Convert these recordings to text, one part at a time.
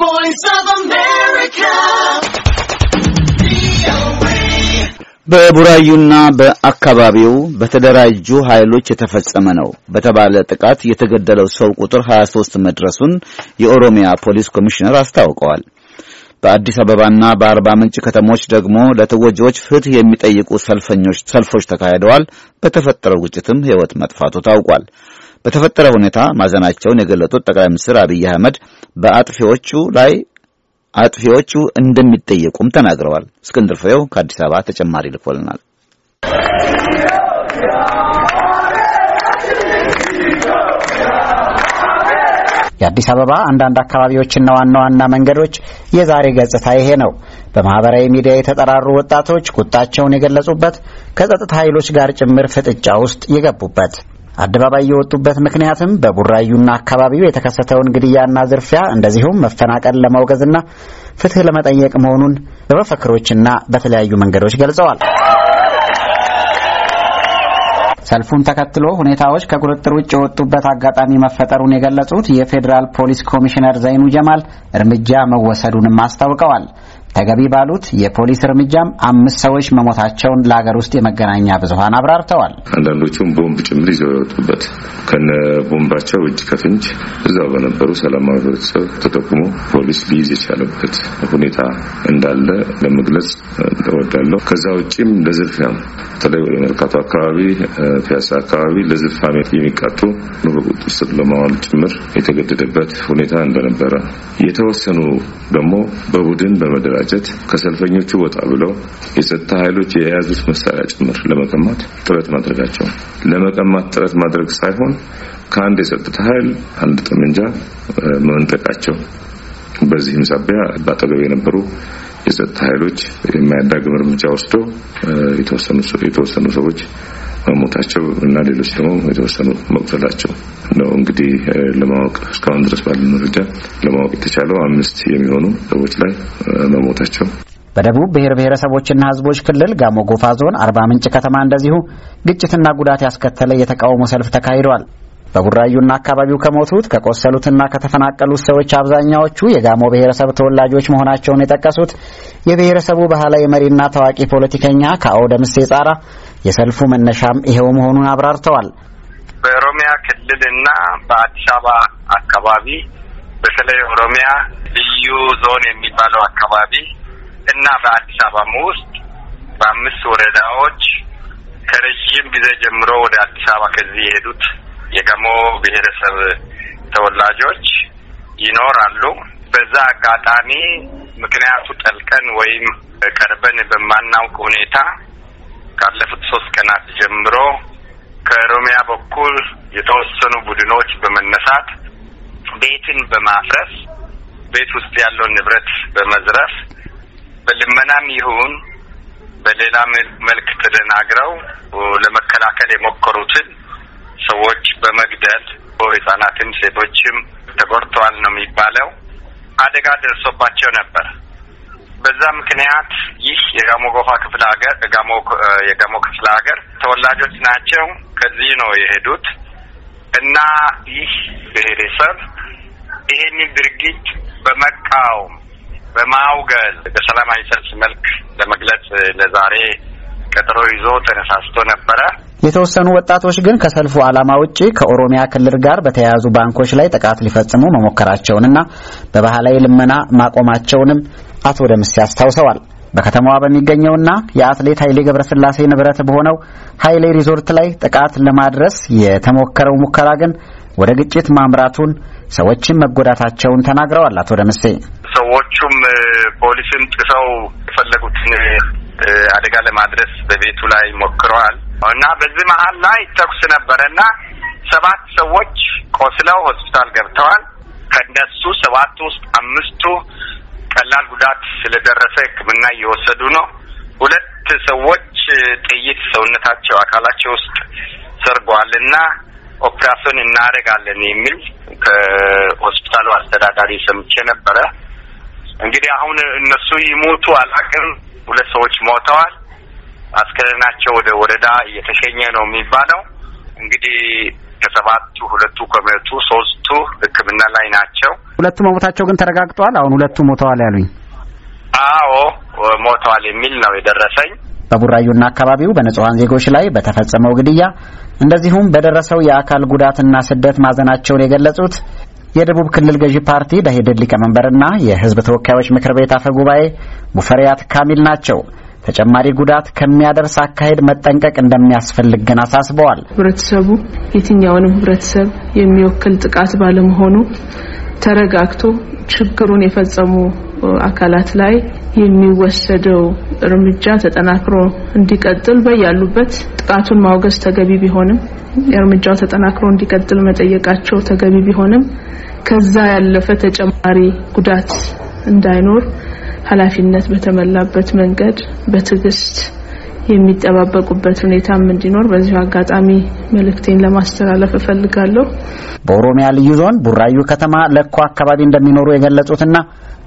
voice of America. በቡራዩና በአካባቢው በተደራጁ ኃይሎች የተፈጸመ ነው በተባለ ጥቃት የተገደለው ሰው ቁጥር 23 መድረሱን የኦሮሚያ ፖሊስ ኮሚሽነር አስታውቀዋል። በአዲስ አበባና በአርባ ምንጭ ከተሞች ደግሞ ለተጎጂዎች ፍትህ የሚጠይቁ ሰልፈኞች ሰልፎች ተካሂደዋል። በተፈጠረው ግጭትም ሕይወት መጥፋቱ ታውቋል። በተፈጠረ ሁኔታ ማዘናቸውን የገለጡት ጠቅላይ ሚኒስትር አብይ አህመድ በአጥፊዎቹ ላይ አጥፊዎቹ እንደሚጠየቁም ተናግረዋል። እስክንድር ፍሬው ከአዲስ አበባ ተጨማሪ ልኮልናል። የአዲስ አበባ አንዳንድ አካባቢዎችና ዋና ዋና መንገዶች የዛሬ ገጽታ ይሄ ነው። በማህበራዊ ሚዲያ የተጠራሩ ወጣቶች ቁጣቸውን የገለጹበት፣ ከጸጥታ ኃይሎች ጋር ጭምር ፍጥጫ ውስጥ የገቡበት አደባባይ የወጡበት ምክንያትም በቡራዩና አካባቢው የተከሰተውን ግድያና ዝርፊያ እንደዚሁም መፈናቀል ለማውገዝና ፍትህ ለመጠየቅ መሆኑን በመፈክሮችና በተለያዩ መንገዶች ገልጸዋል። ሰልፉን ተከትሎ ሁኔታዎች ከቁጥጥር ውጭ የወጡበት አጋጣሚ መፈጠሩን የገለጹት የፌዴራል ፖሊስ ኮሚሽነር ዘይኑ ጀማል እርምጃ መወሰዱንም አስታውቀዋል። ተገቢ ባሉት የፖሊስ እርምጃም አምስት ሰዎች መሞታቸውን ለሀገር ውስጥ የመገናኛ ብዙኃን አብራርተዋል። አንዳንዶቹም ቦምብ ጭምር ይዘው የወጡበት ከነ ቦምባቸው እጅ ከፍንጅ እዛው በነበሩ ሰላማዊ ህብረተሰብ ተጠቁሞ ፖሊስ ሊይዝ የቻለበት ሁኔታ እንዳለ ለመግለጽ እወዳለሁ። ከዛ ውጭም ለዝርፊያም በተለይ የመርካቶ አካባቢ፣ ፒያሳ አካባቢ ለዝርፊያ የሚቃጡ በቁጥጥር ስር ለማዋል ጭምር የተገደደበት ሁኔታ እንደነበረ የተወሰኑ ደግሞ በቡድን በመደራ በማደራጀት ከሰልፈኞቹ ወጣ ብለው የጸጥታ ኃይሎች የያዙት መሳሪያ ጭምር ለመቀማት ጥረት ማድረጋቸው ለመቀማት ጥረት ማድረግ ሳይሆን ከአንድ የጸጥታ ኃይል አንድ ጠመንጃ መንጠቃቸው በዚህም ሳቢያ በአጠገብ የነበሩ የጸጥታ ኃይሎች የማያዳግም እርምጃ ወስደው የተወሰኑ ሰዎች መሞታቸው እና ሌሎች ደግሞ የተወሰኑ መቁሰላቸው ነው እንግዲህ ለማወቅ እስካሁን ድረስ ባለ መረጃ ለማወቅ የተቻለው አምስት የሚሆኑ ሰዎች ላይ መሞታቸው በደቡብ ብሔር ብሔረሰቦችና ህዝቦች ክልል ጋሞ ጎፋ ዞን አርባ ምንጭ ከተማ እንደዚሁ ግጭትና ጉዳት ያስከተለ የተቃውሞ ሰልፍ ተካሂዷል። በጉራዩና አካባቢው ከሞቱት ከቆሰሉትና ከተፈናቀሉት ሰዎች አብዛኛዎቹ የጋሞ ብሔረሰብ ተወላጆች መሆናቸውን የጠቀሱት የብሔረሰቡ ባህላዊ መሪና ታዋቂ ፖለቲከኛ ካኦ ደምሴ ጻራ የሰልፉ መነሻም ይኸው መሆኑን አብራርተዋል። በኦሮሚያ ክልል እና በአዲስ አበባ አካባቢ በተለይ ኦሮሚያ ልዩ ዞን የሚባለው አካባቢ እና በአዲስ አበባም ውስጥ በአምስት ወረዳዎች ከረዥም ጊዜ ጀምሮ ወደ አዲስ አበባ ከዚህ የሄዱት የገሞ ብሔረሰብ ተወላጆች ይኖራሉ። በዛ አጋጣሚ ምክንያቱ ጠልቀን ወይም ቀርበን በማናውቅ ሁኔታ ካለፉት ሶስት ቀናት ጀምሮ ከሮሚያ በኩል የተወሰኑ ቡድኖች በመነሳት ቤትን በማፍረስ ቤት ውስጥ ያለውን ንብረት በመዝረፍ በልመናም ይሁን በሌላ መልክ ተደናግረው ለመከላከል የሞከሩትን ሰዎች በመግደል ህጻናትም ሴቶችም ተጎድተዋል ነው የሚባለው። አደጋ ደርሶባቸው ነበር። በዛ ምክንያት ይህ የጋሞ ጎፋ ክፍለ ሀገር ጋሞ የጋሞ ክፍለ ሀገር ተወላጆች ናቸው። ከዚህ ነው የሄዱት እና ይህ ብሔረሰብ ይሄንን ድርጊት በመቃወም በማውገዝ በሰላማዊ ሰልፍ መልክ ለመግለጽ ለዛሬ ቀጠሮ ይዞ ተነሳስቶ ነበረ። የተወሰኑ ወጣቶች ግን ከሰልፉ ዓላማ ውጪ ከኦሮሚያ ክልል ጋር በተያያዙ ባንኮች ላይ ጥቃት ሊፈጽሙ መሞከራቸውንና በባህላዊ ልመና ማቆማቸውንም አቶ ደምስ አስታውሰዋል። በከተማዋ በሚገኘውና የአትሌት ኃይሌ ገብረስላሴ ንብረት በሆነው ኃይሌ ሪዞርት ላይ ጥቃት ለማድረስ የተሞከረው ሙከራ ግን ወደ ግጭት ማምራቱን ሰዎችም መጎዳታቸውን ተናግረዋል። አቶ ደምሴ ሰዎቹም ፖሊስን ጥሰው የፈለጉትን አደጋ ለማድረስ በቤቱ ላይ ሞክረዋል እና በዚህ መሀል ላይ ተኩስ ነበረና ሰባት ሰዎች ቆስለው ሆስፒታል ገብተዋል። ከነሱ ሰባቱ ውስጥ አምስቱ ቀላል ጉዳት ስለደረሰ ሕክምና እየወሰዱ ነው። ሁለት ሰዎች ጥይት ሰውነታቸው አካላቸው ውስጥ ሰርጓልና ኦፕራሽን እናደርጋለን የሚል ከሆስፒታሉ አስተዳዳሪ ሰምቼ ነበረ። እንግዲህ አሁን እነሱ ይሞቱ አላቅም። ሁለት ሰዎች ሞተዋል። አስከሬናቸው ወደ ወረዳ እየተሸኘ ነው የሚባለው። እንግዲህ ከሰባቱ ሁለቱ ከሞቱ ሶስቱ ህክምና ላይ ናቸው። ሁለቱ መሞታቸው ግን ተረጋግጧል። አሁን ሁለቱ ሞተዋል ያሉኝ? አዎ ሞተዋል የሚል ነው የደረሰኝ። በቡራዩና አካባቢው በንጹሐን ዜጎች ላይ በተፈጸመው ግድያ እንደዚሁም በደረሰው የአካል ጉዳትና ስደት ማዘናቸውን የገለጹት የደቡብ ክልል ገዢ ፓርቲ ደኢህዴን ሊቀመንበርና የህዝብ ተወካዮች ምክር ቤት አፈ ጉባኤ ሙፈሪያት ካሚል ናቸው። ተጨማሪ ጉዳት ከሚያደርስ አካሄድ መጠንቀቅ እንደሚያስፈልግ ግን አሳስበዋል። ህብረተሰቡ የትኛውንም ህብረተሰብ የሚወክል ጥቃት ባለመሆኑ ተረጋግቶ ችግሩን የፈጸሙ አካላት ላይ የሚወሰደው እርምጃ ተጠናክሮ እንዲቀጥል በያሉበት ጥቃቱን ማውገዝ ተገቢ ቢሆንም እርምጃው ተጠናክሮ እንዲቀጥል መጠየቃቸው ተገቢ ቢሆንም ከዛ ያለፈ ተጨማሪ ጉዳት እንዳይኖር ኃላፊነት በተሞላበት መንገድ በትዕግስት የሚጠባበቁበት ሁኔታም እንዲኖር በዚሁ አጋጣሚ መልእክቴን ለማስተላለፍ እፈልጋለሁ። በኦሮሚያ ልዩ ዞን ቡራዩ ከተማ ለኮ አካባቢ እንደሚኖሩ የገለጹትና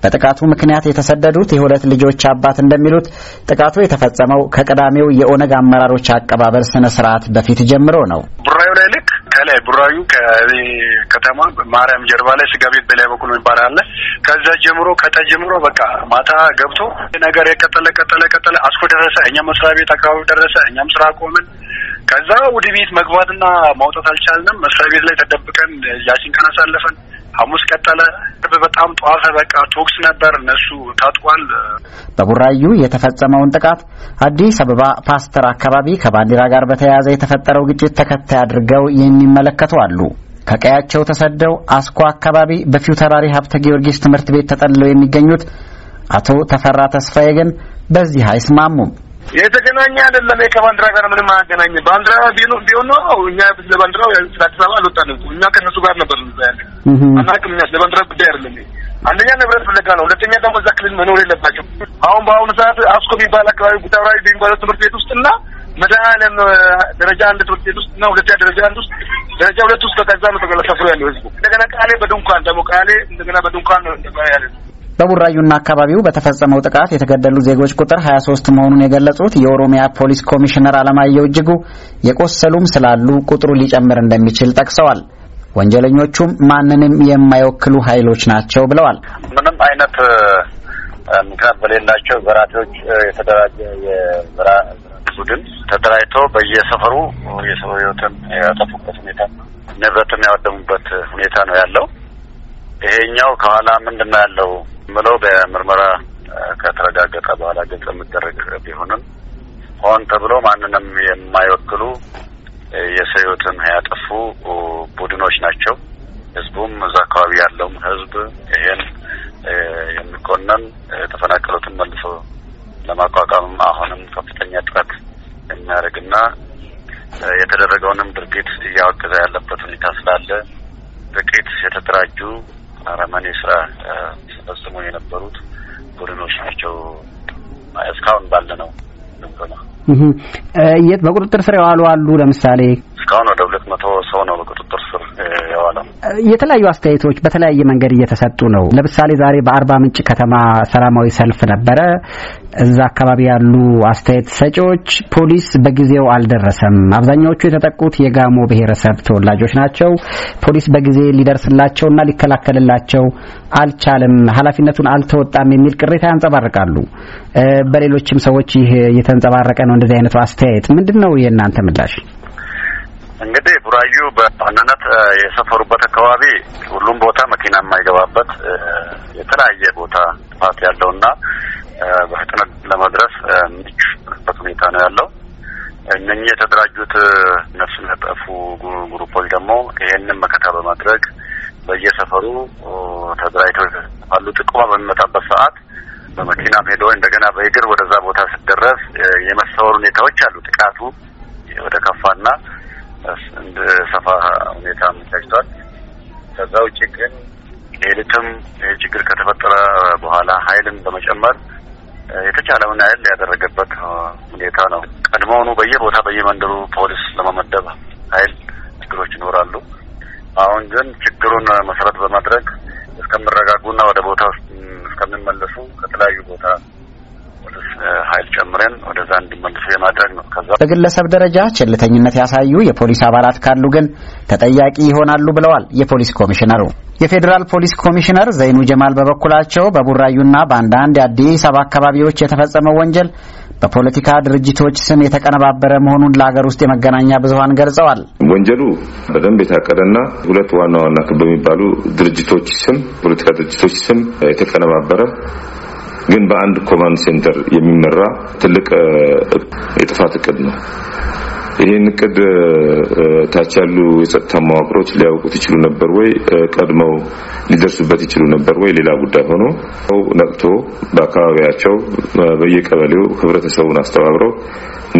በጥቃቱ ምክንያት የተሰደዱት የሁለት ልጆች አባት እንደሚሉት ጥቃቱ የተፈጸመው ከቀዳሚው የኦነግ አመራሮች አቀባበል ስነ ስርዓት በፊት ጀምሮ ነው። ቡራዩ ላይ ላይ ቡራዩ ከተማ ማርያም ጀርባ ላይ ስጋ ቤት በላይ በኩል የሚባል አለ። ከዛ ጀምሮ ከተ ጀምሮ በቃ ማታ ገብቶ ነገር የቀጠለ ቀጠለ ቀጠለ አስኮ ደረሰ። እኛ መስሪያ ቤት አካባቢ ደረሰ። እኛም ስራ ቆምን። ከዛ ወደ ቤት መግባትና ማውጣት አልቻልንም። መስሪያ ቤት ላይ ተደብቀን ያሲን ቀን አሳለፈን። ሐሙስ ቀጠለ። በጣም ጧፈ በቃ ቶክስ ነበር። እነሱ ታጥቋል። በቡራዩ የተፈጸመውን ጥቃት አዲስ አበባ ፓስተር አካባቢ ከባንዲራ ጋር በተያያዘ የተፈጠረው ግጭት ተከታይ አድርገው የሚመለከቱ አሉ። ከቀያቸው ተሰደው አስኮ አካባቢ በፊውተራሪ ሀብተ ጊዮርጊስ ትምህርት ቤት ተጠልለው የሚገኙት አቶ ተፈራ ተስፋዬ ግን በዚህ አይስማሙም። የተገናኘ አይደለም። ከባንዲራ ጋር ምንም አያገናኝም። ባንዲራ ቢሆን ነው እኛ ለባንዲራው ስለ አዲስ አበባ አልወጣንም። እኛ ከእነሱ ጋር ነበር ያለ አናውቅም። እኛ ለባንዲራ ጉዳይ አይደለም። አንደኛ ንብረት ፍለጋ ነው። ሁለተኛ ደግሞ እዛ ክልል መኖር የለባቸው። አሁን በአሁኑ ሰዓት አስኮ የሚባል አካባቢ ጉታብራዊ የሚባለው ትምህርት ቤት ውስጥ እና መድኃኔዓለም ደረጃ አንድ ትምህርት ቤት ውስጥ እና ሁለተኛ ደረጃ አንድ ውስጥ ደረጃ ሁለት ውስጥ በቀዛ ነው ተገላ ሰፍሮ ያለው ህዝቡ እንደገና ቃሌ በድንኳን ደግሞ ቃሌ እንደገና በድንኳን ነው ያለ በቡራዩና አካባቢው በተፈጸመው ጥቃት የተገደሉ ዜጎች ቁጥር 23 መሆኑን የገለጹት የኦሮሚያ ፖሊስ ኮሚሽነር አለማየሁ እጅጉ የቆሰሉም ስላሉ ቁጥሩ ሊጨምር እንደሚችል ጠቅሰዋል። ወንጀለኞቹም ማንንም የማይወክሉ ኃይሎች ናቸው ብለዋል። ምንም አይነት ምክንያት በሌላቸው ዘራፊዎች የተደራጀ የዘራ ቡድን ተደራጅቶ በየሰፈሩ የሰው ህይወትን ያጠፉበት ሁኔታ ንብረትም ያወደሙበት ሁኔታ ነው ያለው። ይሄኛው ከኋላ ምንድን ነው ያለው? ምለው በምርመራ ከተረጋገጠ በኋላ ግልጽ የምደረግ ቢሆንም ሆን ተብሎ ማንንም የማይወክሉ የሰው ያጠፉ ቡድኖች ናቸው። ህዝቡም እዛ አካባቢ ያለውም ህዝብ ይሄን የሚኮነን የተፈናቀሉትን መልሶ ለማቋቋም አሁንም ከፍተኛ ጥረት የሚያደርግና የተደረገውንም ድርጊት እያወገዘ ያለበት ሁኔታ ስላለ ጥቂት የተደራጁ አረመኔ ስራ ሲፈጽሙ የነበሩት ቡድኖች ናቸው። እስካሁን ባለ ነው የት በቁጥጥር ስር የዋሉ አሉ። ለምሳሌ እስካሁን ወደ ሁለት መቶ ሰው ነው በቁጥጥር ስር የዋለው። የተለያዩ አስተያየቶች በተለያየ መንገድ እየተሰጡ ነው። ለምሳሌ ዛሬ በአርባ ምንጭ ከተማ ሰላማዊ ሰልፍ ነበረ። እዛ አካባቢ ያሉ አስተያየት ሰጪዎች ፖሊስ በጊዜው አልደረሰም፣ አብዛኛዎቹ የተጠቁት የጋሞ ብሔረሰብ ተወላጆች ናቸው፣ ፖሊስ በጊዜ ሊደርስላቸውና ሊከላከልላቸው አልቻለም፣ ኃላፊነቱን አልተወጣም የሚል ቅሬታ ያንጸባርቃሉ። በሌሎችም ሰዎች ይህ የተንጸባረቀ ነው። እንደዚህ አይነቱ አስተያየት ምንድን ነው የእናንተ ምላሽ? እንግዲህ ቡራዩ በዋናነት የሰፈሩበት አካባቢ ሁሉም ቦታ መኪና የማይገባበት የተለያየ ቦታ ጥፋት ያለውና በፍጥነት ለመድረስ የሚችበት ሁኔታ ነው ያለው። እነኚህ የተደራጁት ነፍስ ነጠፉ ግሩፖች ደግሞ ይሄንን መከታ በማድረግ በየሰፈሩ ተደራጅተው አሉ። ጥቆማ በሚመጣበት ሰዓት በመኪናም ሄዶ እንደገና በእግር ወደዛ ቦታ ስደረስ የመሰወር ሁኔታዎች አሉ። ጥቃቱ ወደ ከፋና ሰፋ ሁኔታ አመቻችቷል። ከዛ ውጭ ግን ሌሊትም ይህ ችግር ከተፈጠረ በኋላ ኃይልን በመጨመር የተቻለውን ያህል ያደረገበት ሁኔታ ነው። ቀድሞውኑ በየቦታ በየመንደሩ ፖሊስ ለመመደብ ኃይል ችግሮች ይኖራሉ። አሁን ግን ችግሩን መሰረት በማድረግ እስከሚረጋጉና ወደ ቦታ እስከሚመለሱ ከተለያዩ ቦታ ኃይል ጨምረን ወደዛ እንዲመልሱ የማድረግ ነው። ከዛ በግለሰብ ደረጃ ቸልተኝነት ያሳዩ የፖሊስ አባላት ካሉ ግን ተጠያቂ ይሆናሉ ብለዋል የፖሊስ ኮሚሽነሩ። የፌዴራል ፖሊስ ኮሚሽነር ዘይኑ ጀማል በበኩላቸው በቡራዩና በአንዳንድ የአዲስ አበባ አካባቢዎች የተፈጸመው ወንጀል በፖለቲካ ድርጅቶች ስም የተቀነባበረ መሆኑን ለሀገር ውስጥ የመገናኛ ብዙኃን ገልጸዋል። ወንጀሉ በደንብ የታቀደና ሁለት ዋና ዋና ክብ የሚባሉ ድርጅቶች ስም ፖለቲካ ድርጅቶች ስም የተቀነባበረ ግን በአንድ ኮማንድ ሴንተር የሚመራ ትልቅ የጥፋት እቅድ ነው። ይህን እቅድ ታች ያሉ የጸጥታ መዋቅሮች ሊያውቁት ይችሉ ነበር ወይ? ቀድመው ሊደርሱበት ይችሉ ነበር ወይ? ሌላ ጉዳይ ሆኖ ነቅቶ በአካባቢያቸው በየቀበሌው ህብረተሰቡን አስተባብረው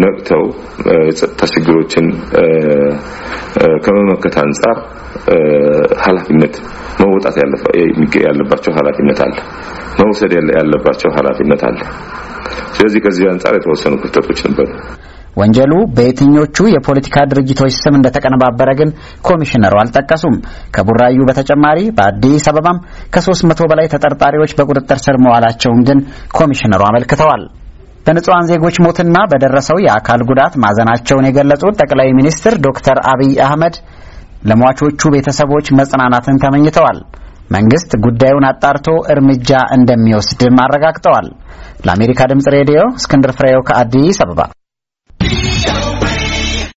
ነቅተው የጸጥታ ችግሮችን ከመመከት አንጻር ኃላፊነት መውጣት ያለባቸው ኃላፊነት አለ መውሰድ ያለባቸው ኃላፊነት አለ ስለዚህ ከዚህ አንጻር የተወሰኑ ክፍተቶች ነበሩ ወንጀሉ በየትኞቹ የፖለቲካ ድርጅቶች ስም እንደተቀነባበረ ግን ኮሚሽነሩ አልጠቀሱም። ከቡራዩ በተጨማሪ በአዲስ አበባም ከሶስት መቶ በላይ ተጠርጣሪዎች በቁጥጥር ስር መዋላቸውን ግን ኮሚሽነሩ አመልክተዋል። በንጹሐን ዜጎች ሞትና በደረሰው የአካል ጉዳት ማዘናቸውን የገለጹት ጠቅላይ ሚኒስትር ዶክተር አብይ አህመድ ለሟቾቹ ቤተሰቦች መጽናናትን ተመኝተዋል። መንግስት ጉዳዩን አጣርቶ እርምጃ እንደሚወስድም አረጋግጠዋል። ለአሜሪካ ድምፅ ሬዲዮ እስክንድር ፍሬው ከአዲስ አበባ